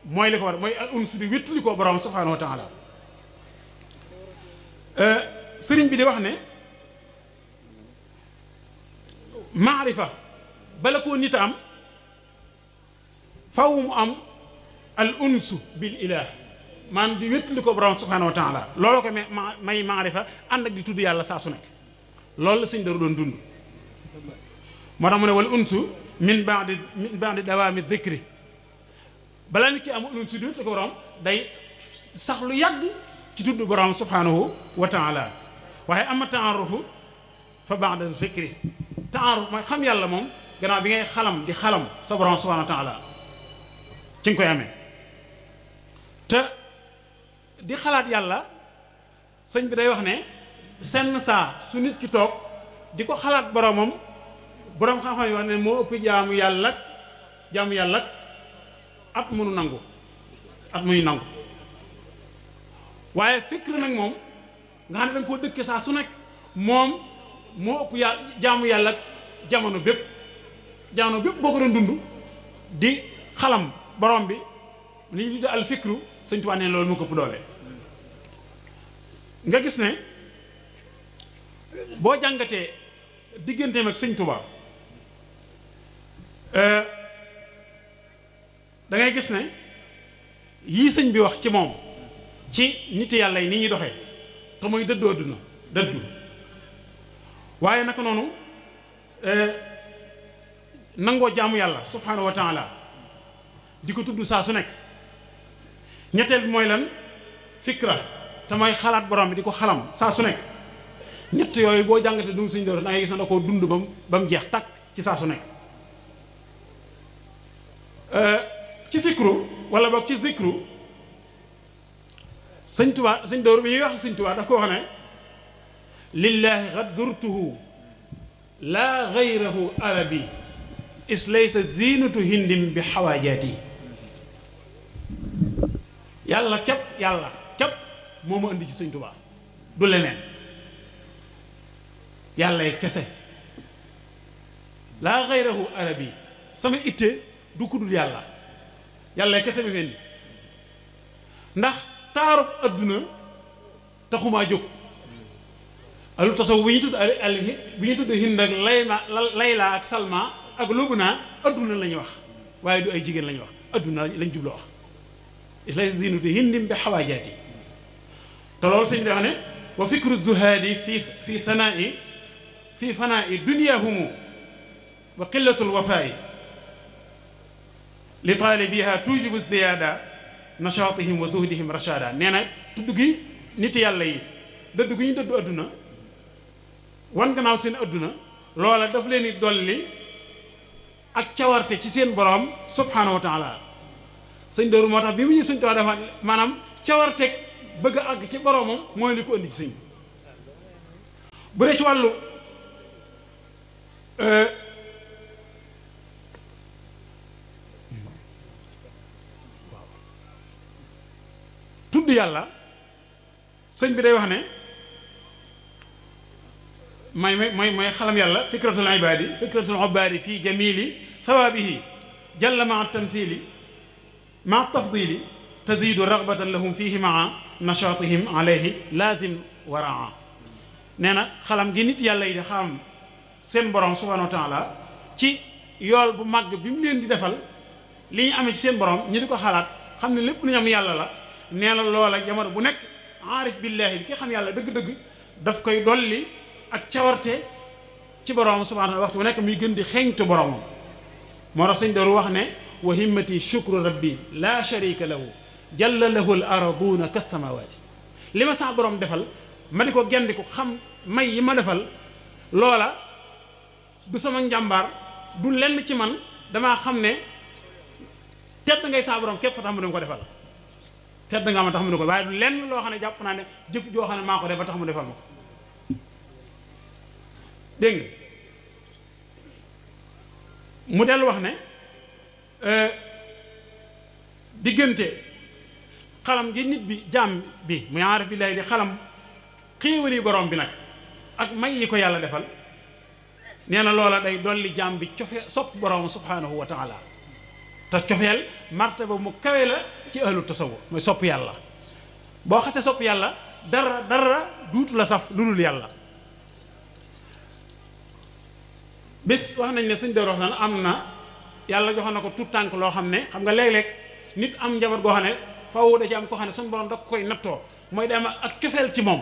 mooy li ko war mooy uns bi wéttali ko borom subhanahu wa euh, sëriñ bi di wax ne maarifa bala koo nit a am faw mu am al unsu bil ilah maanaam di wétli ko borom subhanahu wa taala loolu ko may maarifa ànd ak di tudd yàlla saa su nekk loolu la sëñ daru doon dund moo tax mu ne wal unsu min ba'di min ba'di dawaami dhikri bala nit ki am unsu di wétli ko borom day sax lu yàgg ci tudd borom subhanahu wa taala waaye ama taarufu fa ba'da dhikri taaruf mooy xam yàlla moom gannaaw bi ngay xalam di xalam sa borom subhanahu wa ci nga koy amee te di xalaat yàlla sëñ bi day wax ne senn saa su nit ki toog di ko xalaat boromam borom xam-xam yi wax ne moo ëpp jaamu yàlla jaamu yàlla at mënu nangu at muy nangu waaye fikr nag moom nga xam ne da koo dëkkee saa su nekk moom moo ëpp yàlla jaamu yàlla jamono bépp jaano bépp boo ko doon dund di xalam borom bi li ñu di al sëñ Tuubaa nee loolu mu ko doole nga gis ne boo jàngatee digganteem ak sëñ Tuubaa euh, da ngay gis ne yii sëñ bi wax ci moom ci nit yàlla yi ni ñuy doxee te mooy dëddoo adduna dëddu waaye naka noonu euh, nango jaamu yàlla subhanahu wa taala diko tuddu sa su nek ñettel moy lan fikra tamay xalat borom bi di xalam sa su nek ñett yoy bo jangate du suñu doon da ngay gis na ko dund bam bam jeex tak ci sa su euh ci fikru wala bok ci zikru sëñ tubaa sëñ dóor bi wax sëñ tubaa da ko xone lillahi ghadurtuhu zurtuhu laa arabi lay islaysa ziinatu hindim bi xawaajaati yàlla képp yàlla képp moo ma indi ci sëñ Tuubaa du leneen yàllay kese laa xayrahu arabi sama itte du ku dul yàlla yàllay kese bi fenn ndax taarub adduna taxumaa jóg alu tasaw bi ñu tudd al ñu tudd hind ak laylaa ak salma ak loobu naa adduna la ñuy wax waaye du ay jigéen la wax adduna lañ jubla wax isla zinu di hindim bi xawaajaati te loolu sëñ bi wax ne wa fikru zuhaadi fi fi sanaa'i fi fanaa'i duniyaahumu wa qillatu lwafaa'i li taalibiha tujibu zdiyaada nashaatihim wa zuhdihim rashaada nee na tudd gi nit yàlla yi dëdd gu ñu dëddu adduna wan gannaaw seen adduna loola daf leen di dolli ak cawarte ci seen borom subhanahu sëñ Dóoru moo tax bi mu ñu sëñ Tuubaa maanaam cawarteeg bëgg a àgg ci boromam mooy li ko indi ci sëñ bu dee ci wàllu euh, tudd yàlla sëñ bi day wax ne may may mooy xalam yàlla fikratul ibaadi fikratul ibaadi fii jamili ثوابه جل مع التمثيل مع التفضيل تزيد رغبة لهم فيه مع نشاطهم عليه لازم ورعا nee na xalam gi nit yàlla yi di xam seen borom subhanahu wa taala ci yool bu màgg bi mu leen di defal li ñu amee ci seen borom ñu di ko xalaat xam ne lépp lu ñu am yàlla la nee na loola jamono bu nekk aarif billaahi bi ki xam yàlla dëgg-dëgg daf koy dolli ak cawarte ci borom subhanahu waxtu bu nekk muy gën di xeeñtu boromam moo tax sëñ daru wax ne wa himmati shukru rabbi laa sharika lahu jalla lahu al arduuna kas samawaati li ma saa borom defal ma di ko gendiku xam may yi ma defal loola du sama njàmbaar du lenn ci man damaa xam ne tedd ngay saa borom képp tax ma doon ko defal tedd nga ma tax mu ne ko waaye du lenn loo xam ne jàpp naa ne jëf joo xam ne maa ko def ba tax mu defal ma ko dégg nga mu dellu wax ne euh diggante xalam gi nit bi jam bi mu bi lay di xalam xéewali borom bi nak ak may yi ko yàlla defal neena na loola day doli jam bi ciofé sop borom subhanahu wa taala ta ciofel martaba mu kawe la ci ahlu tasawuf moy sop yàlla bo xasee sop yàlla dara dara dutu la saf lulul yàlla bés wax nañ ne sëñ Dóor wax na am na yàlla joxo na ko tout tànk loo xam ne xam nga léeg-léeg nit am njaboot goo xam ne faaw da ci am koo xam ne suñ borom da koy nattoo mooy dama ak cofeel ci moom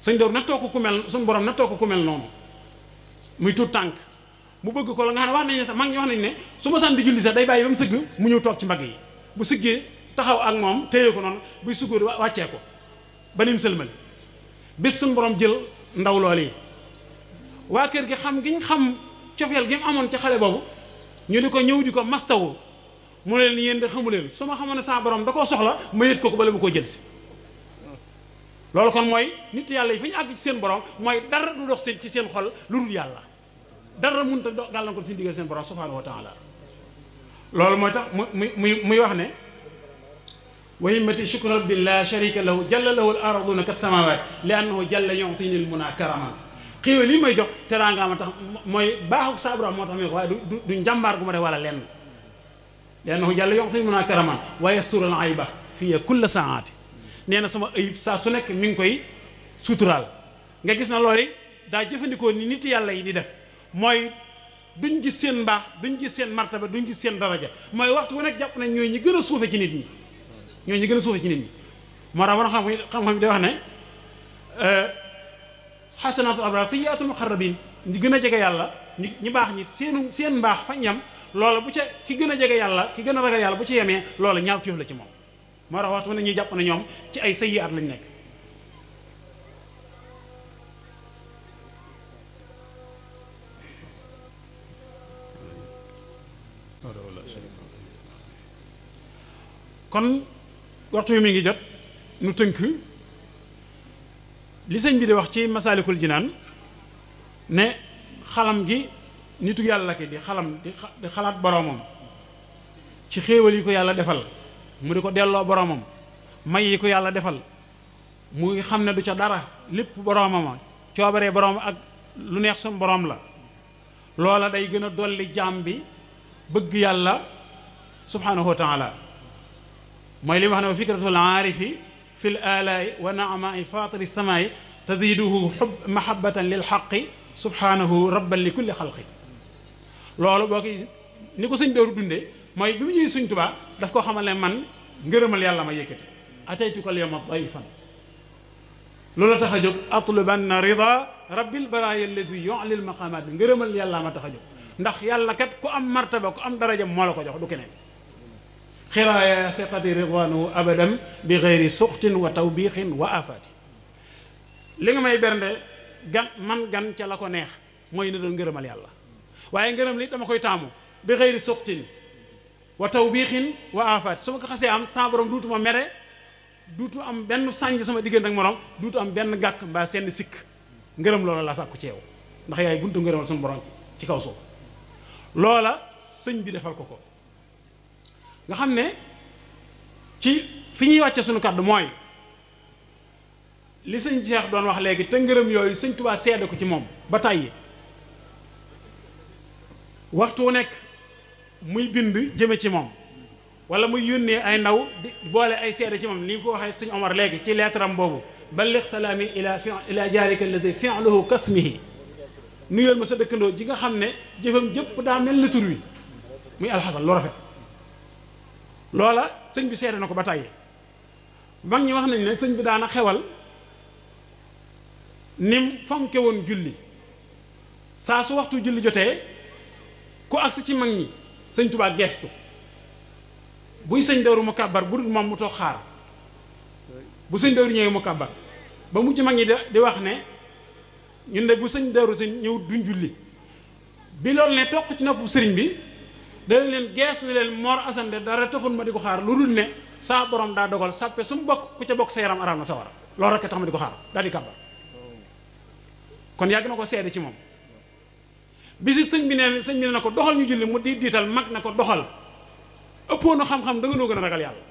sëñ Dóor nattoo ko ku mel borom nattoo ko ku mel noonu muy tout tànk mu bëgg ko la nga xam ne wax nañ ne mag ñi wax nañ ne su ma sànni di julli sax day bàyyi ba mu sëgg mu ñu toog ci mbagg yi bu sëggee taxaw ak moom téye ko noonu buy sugóor wàccee ko ba ni mu sëlmal bés suñ borom jël ndaw lool yi waa kër gi xam giñ xam cofeel gi mu amoon ci xale boobu ñu di ko ñëw di ko mastawu mu ne leen yéen de xamu leen su ma xamoon ne saa borom da koo soxla ma yët ko ko bala mu koo jël si loolu kon mooy nit yàlla yi fa ñu àgg ci seen borom mooy dara du dox seen ci seen xol lu dul yàlla dara mënut a dox gàllankoor seen digal seen borom subhanahu wa taala loolu mooy tax mu muy muy wax ne wa himmati shukru rabbi la sharika lahu jalla lahu al arduna ka samawat li annahu jalla yu'tini al muna karaman xéewal yi may jox teraanga ma tax mooy baaxuk saabura moo tax ma ko waaye du du njàmbaar gu ma def wala lenn lenn ko jàll yoxtu mën a karaman waaye sutural ay ba fii kulla saati nee na sama ayib saa su nekk mi ngi koy suturaal nga gis na loori daa jëfandikoo ni nit yàlla yi di def mooy duñ gis seen mbaax duñ gis seen martaba duñ gis seen daraja mooy waxtu bu nekk jàpp nañ ñooy ñi gën a suufe ci nit ñi ñooy ñi gën a suufe ci nit ñi moo xasanaatu abraar sayyiatul muqarrabin ñi gën a jege yàlla ñu ñi baax ñi seenu seen mbaax fañ yem loola bu ca ki gën a jege yàlla ki gën a ragal yàlla bu ci yemee loola ñaaw téef la ci moom moo tax waxtu ne jàpp na ci ay sayyiaat lañ nekk kon waxtu wi mi ngi jot nu tënk li sëñ bi di wax ci masaalikul jinaan ne xalam gi nitu yàlla ki di xalam di xalaat boroomam ci xéewal yi ko yàlla defal mu di ko delloo boroomam may yi ko yàlla defal mu ngi xam ne du ca dara lépp boroomama coobaree boroom ak lu neex sun boroom la loola day gën a dolli jaam bi bëgg yàlla subhaanahu wa taala mooy li mu wax ne wa fikratul aarifi في الآلاء ونعماء فاطر السماء تزيده حب محبة للحق سبحانه ربا لكل خلق لولو بوكي نيكو سيني دورو دوندي ماي بيمي جي سيني توبا دافكو خمال مان نغيرمال يالا ما ييكتي اتيتك اليوم ضيفا لولا تخجب اطلبن رضا رب البرايا الذي يعلي المقامات نغيرمال يالا ما تخجب ndax yalla kat ku am martaba ku am daraja mo la ko jox du keneen xiraaya siqati ridwaanu abadan bi xeyri suxtin wa tawbiixin wa afaati li nga may bernde gan man gan ca la ko neex mooy na doon ngërëmal yàlla waaye ngërëm li dama koy taamu bi xeyri suxtin wa tawbiixin wa afaati su ma ko xasee am saa borom duutuma mere duutu am benn sànj sama diggante ak morom duutu am benn gàkk mbaa seen sikk ngërëm loola la sàkku ceew ndax yaay buntu ngërëmal suñu borom ci kaw suuf loola sëñ bi defal ko ko nga xamne ci fiñuy wàcce suñu kàddu moy li sëñ Cheikh doon wax legi te ngërëm yoy sëñ Tuubaa sédé ko ci mom ba tay waxtu wu nekk muy bind jëme ci mom wala muy yónnee ay ndaw boole ay sédé ci mom ni ko waxe sëñ Omar legi ci lettre am bobu balligh salami ila ila jarik alladhi fi'luhu kasmihi nuyoo ma sa dëkkandoo ji nga xamne ne jëpp da mel na tur wi muy alxasan lo rafet loola sëñ bi seere na ko ba tàyyi mag ñi wax nañ ne sëñ bi daana xewal ni fonke woon julli saa su waxtu julli jotee ku agsi ci mag ñi sëñ tubaa geestu buy sëñ dawru mu kàbbar bu dul moom mu toog xaar bu sëñ dawru ñëwee mu kàbbar ba mujj mag ñi di wax ne ñun de bu sëñ dawru sëñ ñëw duñ julli bi lool ne toq ci nopp sëriñ bi dana leen gees ni leen Mor Assane de dara taxul ma di ko xaar lu dul ne saa borom daa dogal sàppe su mu bokk ku ca bokk sa yaram araam na sa war a loolu rekk tax ma di ko xaar daal di kàbbar kon yàgg na ko seede ci moom bisit sëñ bi nee sëñ bi na ko doxal ñu julli mu di diital mag na ko doxal ëppoonu xam-xam da nga noo a ragal yàlla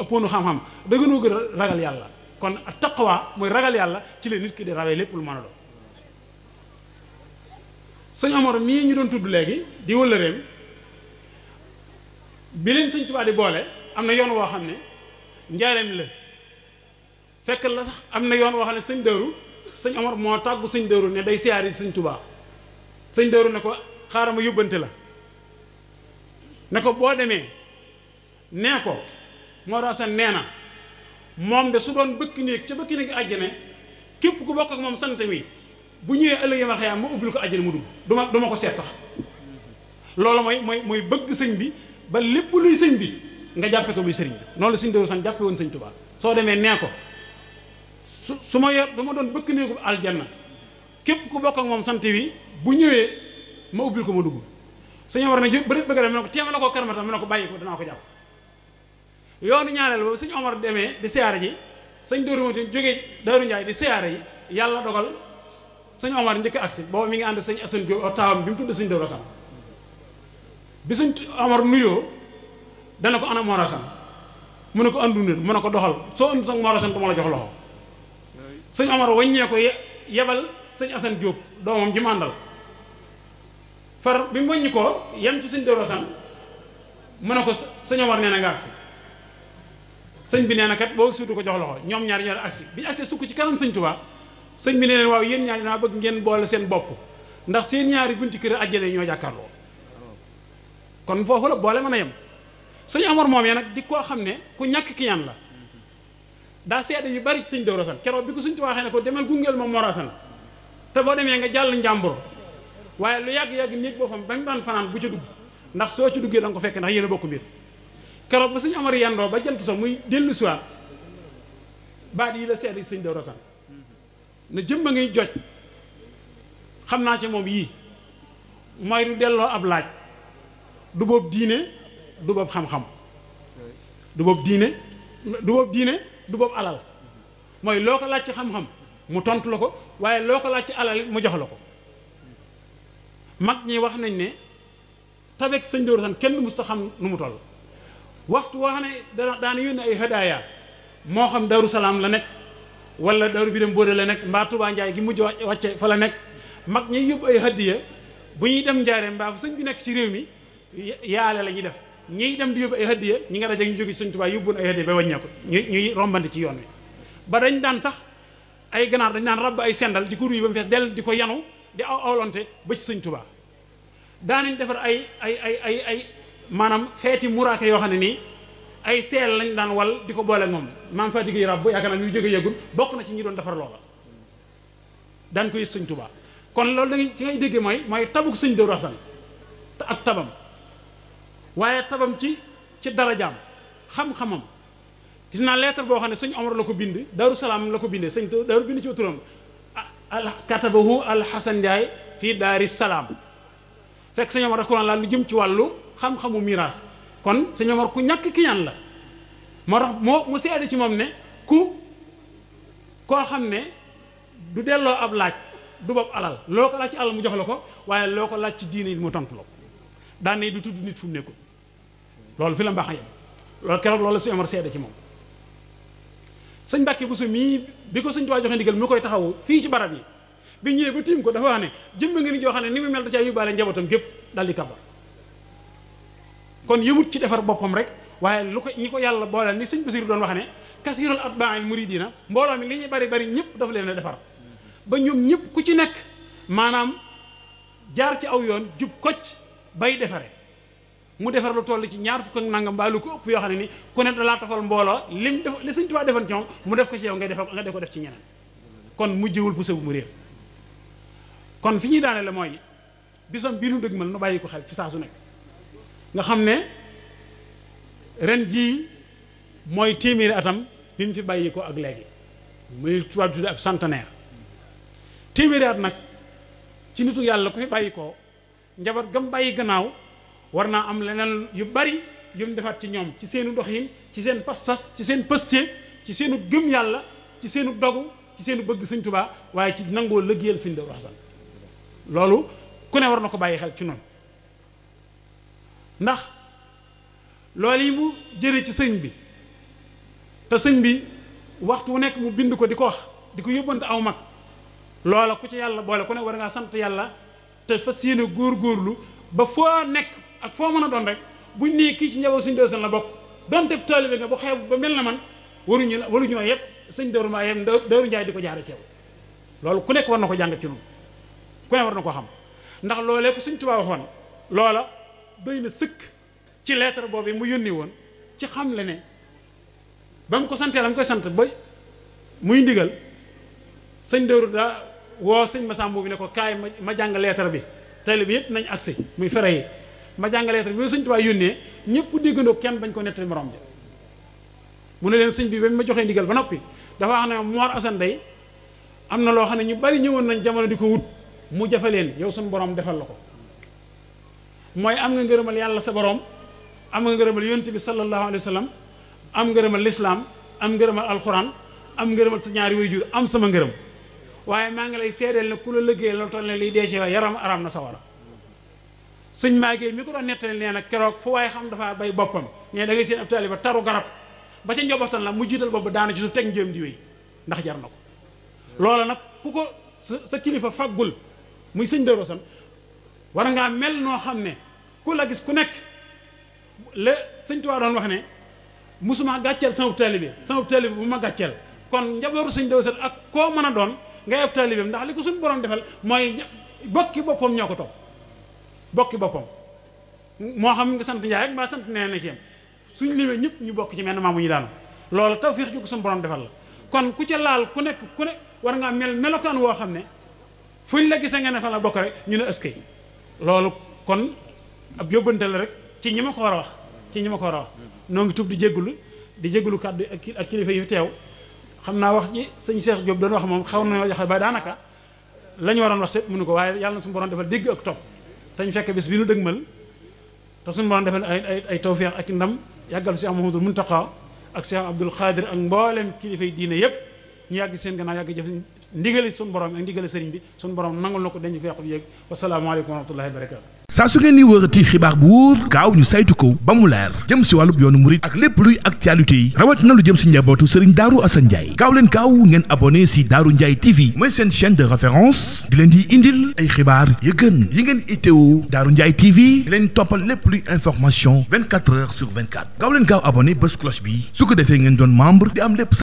ëppoonu xam-xam da gën a ragal yàlla kon taqwa mooy ragal yàlla ci la nit ki di rawee lépp lu mën a doon sëñ Omar mii ñu doon tudd léegi di wëllëreem bi leen sëñ di boole am na yoon woo xam ne njaareem la fekk la sax am na yoon woo xam ne sëñ Daaru sëñ Omar moo tàggu sëñ Daaru ne day siyaar yi sëñ Tuubaa sëñ Daaru ne ko xaaral ma yóbbante la ne ko boo demee nee ko moo raasan nee na moom de su doon bëkk néeg ca bëkk néeg àjjana képp ku bokk ak moom sant mi bu ñëwee ëllëg yamal xayaam ma ubbil ko àjjana mu dugg duma duma ko seet sax loolu mooy mooy mooy bëgg sëñ bi ba lépp luy sëñ bi nga jàppe ko muy sëriñ bi noonu la sëñ Daaru Asan jàppe woon sëñ Tuubaa soo demee nee ko su su ma yor dama doon bëkk néegu aljanna képp ku bokk ak moom sant wi bu ñëwee ma ubbil ko ma dugg sëñ war na ji bëri bëgg dem ne ko téema la koo karmata mu ne ko bàyyi ko danaa ko jàpp yoonu ñaareel demee di siyaare ji sëñ Daaru Muxti jógee Daaru Njaay di siyaare yi yàlla dogal sëñ Omar njëkk agsi boobu mi ngi ànd sëñ Asan Jóob taawam bi mu tudd sëñ Daaru Asan bi amar nuyo, nuyoo dana ko ana Morasan mu ne ko andu nit mun ko doxal so andut sax Morasan du ma la jox loxo señ amar wagne ko yebal señ Assane Diop domam ji far bi mu ko yam ci señ Doro San mu ko señ amar neena nga agsi señ bi neena kat bo su du ko jox loxo ñom ñaar ñaar aksi bi ñu suku ci kanam señ tuba señ bi neena waaw ñaar dinaa bëgg ngeen bol seen bop ndax seen ñaari bunti kër ñoo jakarlo kon foofu la boole mën a yem suñu amor moomee nag di koo xam ne ku ñàkk ki la daa seede yu bari ci sëñ Daaru Asan keroog bi ku suñ ci waxee ne ko demal gungeel ma Mor Asan te boo demee nga jàll njàmbur waaye lu yàgg-yàgg néeg boppam ba mu daan fanaan bu ca dugg ndax soo ci duggee da ko fekk ndax yéen a bokk mbir keroog ba suñ amar yendoo ba jant so muy dellu siwaat baat yi la seede ci sëñ Daaru Asan na jëm ba ngay joj xam naa ci moom yii mooy du delloo ab laaj du diine du boobu xam-xam du diine du diine du boobu alal mooy loo ko laaj ci xam-xam mu tontu la ko waaye loo ko laaj ci alal mu jox la ko mag ñi wax nañ ne tabeek sëñ Daaru Xasan kenn mu musta xam nu mu toll waxtu wax ne daana yónnee ay hadaaya moo xam Daaru Salaam la nekk wala Daaru Biram Bóode la nekk mbaa Tuubaa Njaay gi mujj wàcce fa la nekk mag ñi yóbbu ay hadiya bu ñuy dem njaaree mbaa fu sëñ bi nekk ci réew mi yaale la ñuy def ñiy dem di yóbbu ay hadiya ñi nga daje ñu jóge Sëñ Tuubaa yóbbuwoon ay hadiya ba wàññeeku ñu ñuy rombante ci yoon wi ba dañ daan sax ay ganaar dañ daan rabb ay sendal di ko ruy ba mu fees dell di ko yanu di aw awlonte ba ci Sëñ Tuubaa daanañ defar ay ay ay ay ay maanaam xeeti muraake yoo xam ne nii ay seel lañ daan wal di ko boole moom maam Fatick yi rab bu yaakaar naa ñu jóge yëgul bokk na ci ñi doon defar loola daan ko yës Sëñ Tuubaa kon loolu da ci ngay déggee mooy mooy tabuk sëñ Daaru tabam waaye tabam ci ci darajaam xam-xamam gis naa lettre boo xam ne sëñ Omar la ko bind Daaru Salaam la ko bindee sëñ Daaru bind ci uturam al katabahu al Xasan Ndiaye fii Daari Salaam fekk sëñ Omar dafa la lu jëm ci wàllu xam-xamu miraas kon sëñ Omar ku ñàkk kiñaan la moo tax moo mu seede ci moom ne ku koo xam ne du delloo ab laaj du bopp alal loo ko laaj ci alal mu jox la ko waaye loo ko laaj ci diine yi mu tontu la ko daan du tudd nit fu mu lol fi la mbax yam loolu kérok loolu la suñu Omar sédé ci mom señ Mbàkke bu mii bi ko señ Tuubaa joxe ndigal mu koy taxaw fi ci barab yi bi ñëwee bu tim ko dafa wax ne jëmba nga ni joo xam ni mu mel da caa yubalé njabotam gépp dal di kabar kon yëmut ci défar bopam rek waaye lu ko ñiko yalla bolal ni señ Basiru doon wax né kathirul atbaa'il muridina mbolo mi li ñi bari bari ñëpp dafa leen défar ba ñom ñëpp ku ci nek manam jaar ci aw yoon jup kocc bay défaré mu defar lu toll ci ñaar fukk ak nangam mbaa lu ko ëpp yoo xam ne ni ku ne dalaa tafal mbooloo lim def li Sëñ Tuubaa defan ci mu def ko ci yow ngay def nga def ko def ci ñeneen kon mujjewul puso bu mu réer kon fi ñuy daane la mooy bisam bii nu dëgmal nu bàyyi ko xel ci saa su nekk nga xam ne ren jii mooy téeméeri atam bi mu fi bàyyi ko ak léegi muy tubaab tudde ab centenaire téeméeri at nag ci nitu yàlla ku fi bàyyi ko njaboot gam bàyyi gannaaw war naa am leneen yu bari yu defaat ci ñoom ci seenu doxin ci seen pas-pas ci seen pëste ci seenu gëm yàlla ci seenu dogu ci seenu bëgg sëñ tubaa waaye ci nangoo lëggéeyal sëñ Daaru Xasan loolu ku ne war na ko bàyyi xel ci noonu ndax loolu yi mu jëre ci sëñ bi te sëñ bi waxtu wu nekk mu bind ko di ko wax di ko yóbbante aw mag loola ku ci yàlla boole ku ne war ngaa sant yàlla te fas yéene góorgóorlu ba foo nekk ak foo mën a doon rek buñ nee kii ci njaboot suñ doo seen la bokk donte taalibe nga bu xeeb ba mel na man waruñu la waruñoo yëpp sëñ Dóoru maa yem Dóoru Njaay di ko jaare ceew loolu ku nekk war na ko jàngat ci noonu ku ne war na ko xam ndax loolee ko suñ Tuubaa loola doy na sëkk ci lettre boobu mu yónni woon ci xam le ne ba mu ko santee la mu koy sant ba muy ndigal sëñ Dóoru daa woo sëñ Masamba bi ne ko kaay ma ma jàng lettre bi taalibe bi yëpp nañ agsi muy fere yi ma jàngalee lettre bi sëñ Tuubaa yónnee ñëpp déggandoo kenn bañ ko nettali morom ja mu ne leen sëñ bi ba ma joxee ndigal ba noppi dafa wax ne Mor Assane day am na loo xam ne ñu bari ñëwoon nañ jamono di ko wut mu jafe leen yow suñu borom defal la ko mooy am nga ngërëmal yàlla sa borom am nga ngërëmal yonent bi sallallahu alayhi wa sallam am ngërëmal lislaam am ngërëmal alxuraan am ngërëmal sa ñaari waajur am sama ngërëm waaye maa ngi lay seedeel ne ku la liggéey la toll ne liy deecee yaram aram na sawara sëñ maagee mi ko doon nettali nee na keroog fu waaye xam dafa bay boppam nee dangay ngay seen ab taaliba taru garab ba ca njobatan la mu jiital boobu daana ci su teg njëm di wéy ndax jar na ko loola nag ku ko sa sa kilifa faggul muy sëñ Darou Assane war ngaa mel noo xam ne ku la gis ku nekk la sëñ waa doon wax ne musuma gàcceel sama taalibe sama taalibe bu ma gàcceel kon njabooru sëñ Darou Assane ak koo mën a doon ngay ab taalibeem ndax li ko suñu borom defal mooy bokki boppam ñoo ko topp bokki bopam mo xam nga sant njaay ak ma sant neena ci suñu suñ ñep ñu bokk ci menn maamu ñu daan loolu tawfiq ju ko sun borom defal kon ku ci laal ku nek ku ne war nga mel melokan wo xamne fuñ la gisee nga ne fa la bokk rek ñu ne ëskay loolu kon ab yóbbante rek ci ñima ko wara wax ci ñima ko wara wax no ngi tub di jéggulu di jéggul kaddu ak kilifa yu tew xamna wax ji señ Cheikh job doon wax mom xawna yo xal ba daanaka lañu waron wax sépp mënu ko waye yalla sun borom defal dégg ak top tañ fekk bis bi nu dëgmal te suñu borom defal ay ay ay tawféex ak ndam yàggal Cheikh Mouhamadoul Mountakha ak Cheikh Abdoul Khadir ak mboolem kilifa diine yëpp ñu yàgg seen gannaaw yàgg jëf ndigali suñu borom ak ndigali sëriñ bi suñu borom nangul na ko dañu feexu yéeg alaykum wa rahmatullahi wa barakatuh saa su ngeen di wërati xibaar bu wóor gaaw ñu saytu ko ba mu laar jëm si wàllub yoonu murit ak lépp luy actualité yi rawat na lu jëm si njabootu sëriñ Daaru Asan Njaay gaaw leen gaaw ngeen abonné si Daaru Njaay TV mooy seen chaîne de référence di leen di indil ay xibaar yu gën yi ngeen itteewu Daaru Njaay TV di leen toppal lépp luy information 24 heures sur 24 gaaw leen gaaw abonné bés cloche bi su ko defee ngeen doon membre di am lépp